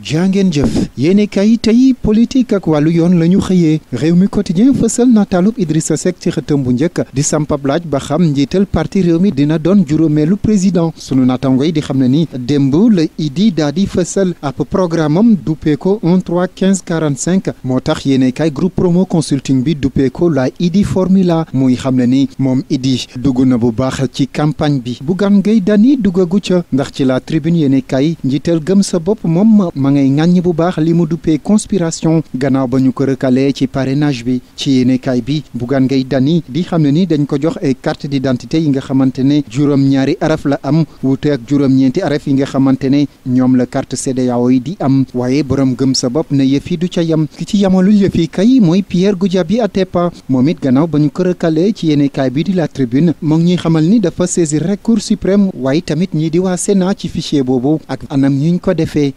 jàngeen jëf yéene kay tey politique ak wàllu yoon la ñu xëyee réew mi quotidien fësal nataalub Idrissa Seck ci xëtam bu njëkk di sampab laaj ba xam njiital parti réew mi dina doon juróomeelu président sunu naataango yi di xam ne ni démb la idi daa di fësal ab programme am dupeeko 1 3 15 45 moo tax yéene kay groupe promo consulting bi dupeeko la idi formula mooy xam ne ni moom idi dugg na bu baax ci campagne bi bu gan ngay dani duggagu ca ndax ci la tribune yéene kay njiital gëm sa bopp moom ma ngay ŋàññi bu baax li mu duppee conspiration gannaaw ba ñu ko rëkkalee ci parrainage bi ci yéenekaay bi Bougane ngay Dany di xam ne ni dañ ko jox ay carte d'identité yi nga xamante ne juróom-ñaari araf la am wuute ak juróom-ñeenti araf yi nga xamante ne ñoom la carte CEDEAO yi di am waaye borom gëm sa bopp ne yëf yi du ca yam ki ci yamalul yëf kay mooy Pierre Goudiaby Atepa moom it gannaaw ba ñu ko rëkkalee ci yéenekaay bi di la tribune moo ngi ñuy xamal ni dafa saisir rek Cour waaye tamit ñii di waa Sénat ci fichier boobu ak anam ñu ko defee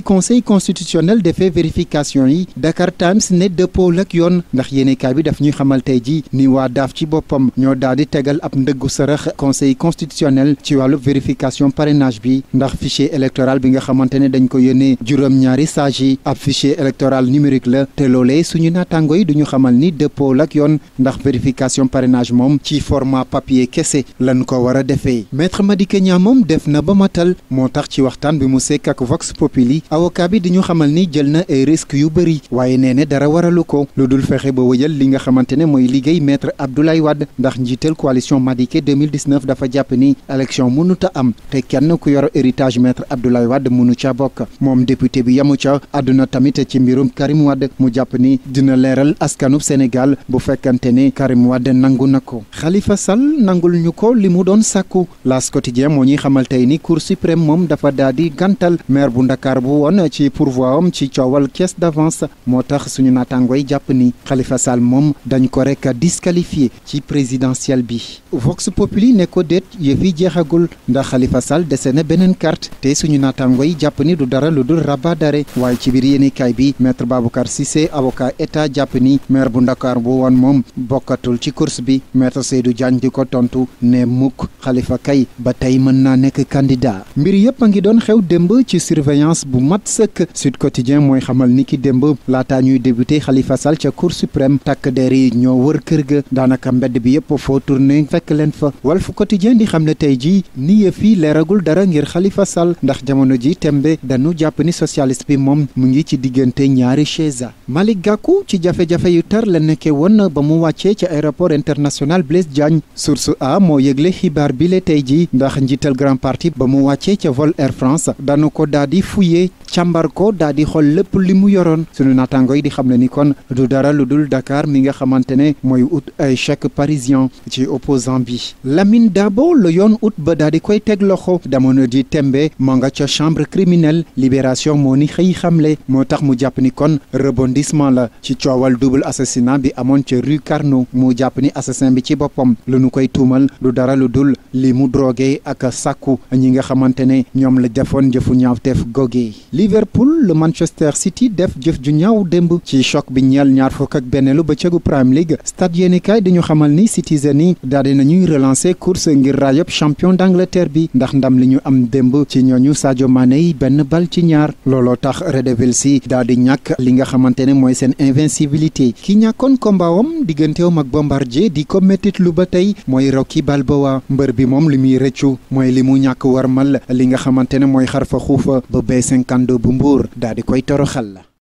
bi conseil constitutionnel defee vérification yi Dakar Times ne dëppoo ak yoon ndax yéenekaay bi daf ñuy xamal tey ji ni waa daaf ci boppam ñoo daal di tegal ab ndëggu sërëx conseil constitutionnel ci wàllu vérification parrainage bi ndax fichier électoral bi nga xamante ne dañ ko yónnee juróom-ñaari sages yi ab fichier électoral numérique la te loolee suñu naataango yi duñu xamal ni dëppoo ak yoon ndax vérification parrainage moom ci format papier kese lañ ko war a defee maître Madické Niang moom def na ba matal moo tax ci waxtaan bi mu sekk ak Vox Populi avocat bi di ñu xamal ni jël na ay risques yu bëri waaye nee ne dara waralu ko lu dul fexe ba wëyal li nga xamante ne mooy liggéey maître Abdoulaye Wade ndax njiital coalition Madické 2019 dafa jàpp ni élection mënut a am te kenn ku yor héritage maître Abdoulaye Wade mënu ca bokk moom député bi yamu ca àdduna tamit ci mbirum Karim Wade mu jàpp ni dina leeral askanub Sénégal bu fekkante ne Karim Wade nangu na ko xalifa Sall nangul ñu ko li mu doon sàkku L'As Quotidien moo ñuy xamal ni Cour suprême moom dafa daal di gàntal maire bu Ndakaaru bu woon ci pourvoi am ci coowal caisse d'avance moo tax suñu naataangoo jàpp ni xalifa Sall moom dañu ko rek disqualifié ci présidentielle bi Vox Populi ne ko déet yëf yi jeexagul ndax Khalifa Sall dese na beneen carte te suñu naataangoo yi jàpp ni du dara lu dul rabat d'arrêt waaye ci biir yéenekaay bi maître Babacar Cissé avocat état jàpp ni maire bu Ndakaar bu woon moom bokkatul ci course bi maître Seydou du di ko tontu ne mukk xalifa kay ba tey mën na nekk candidat mat sëkk Sud Quotidien mooy xamal ni ki démb laataa ñuy débuté Khalifa Sall ca Cour suprême takk der yi ñoo wër kër ga daanaka mbedd bi yëpp foo tourné fekk leen fa Walf Quotidien di xam ne tey jii ni yëf leeragul dara ngir xalifa Sall ndax jamono ji tembe danu jàpp ni socialiste bi moom mu ngi ci diggante ñaari chaise Malick gàkku ci jafe-jafe yu tar la nekkee woon ba mu wàccee ci aéroport international Blaise Diagne source a moo yëgle xibaar bi la tey jii ndax njiital grand parti ba mu wàccee ca vol Air France dañu ko daal di fuyee càmbar ko daal di xool lépp li mu yoroon sunu naataango yi di xam ne ni kon du dara lu dul Dakar mi nga xamante ne mooy ut ay chèque parisien ci opposant bi Lamine Dabo la yoon ut ba daal di koy teg loxo damono di tembe moo nga ca chambre criminelle libération moo ni xëy xamle moo tax mu jàpp ni kon rebondissement la ci coowal double assassinat bi amoon ca rue Carnot mu jàpp ni assassin bi ci boppam lu nu koy tuumal du dara lu dul li mu drogué ak sàkku ñi nga xamante ne ñoom la defoon jëfu ñaawteef gogee Liverpool le Manchester City def jëf ju ñaaw démb ci choc bi ñeel ñaar fukk ak benn lu bëccëgu Premier League stade yéenekaay dañu xamal ni Citizen yi daal di nañuy relancer course ngir raayop champion d'Angleterre bi ndax ndam li ñu am démb ci ñooñu Sadio Mané yi benn bal ci ñaar looloo tax Red Devils yi daal di ñàkk li nga xamante ne mooy seen invincibilité ki ñàkkoon kombaawam digganteewam ak Bombardier di ko méttit lu ba tey mooy Rocky Balboa mbër bi moom li muy rëccu mooy li mu ñàkk warmal li nga xamante ne mooy xarfa xuufa ba B50 am do mbuur daal di koy toroxal la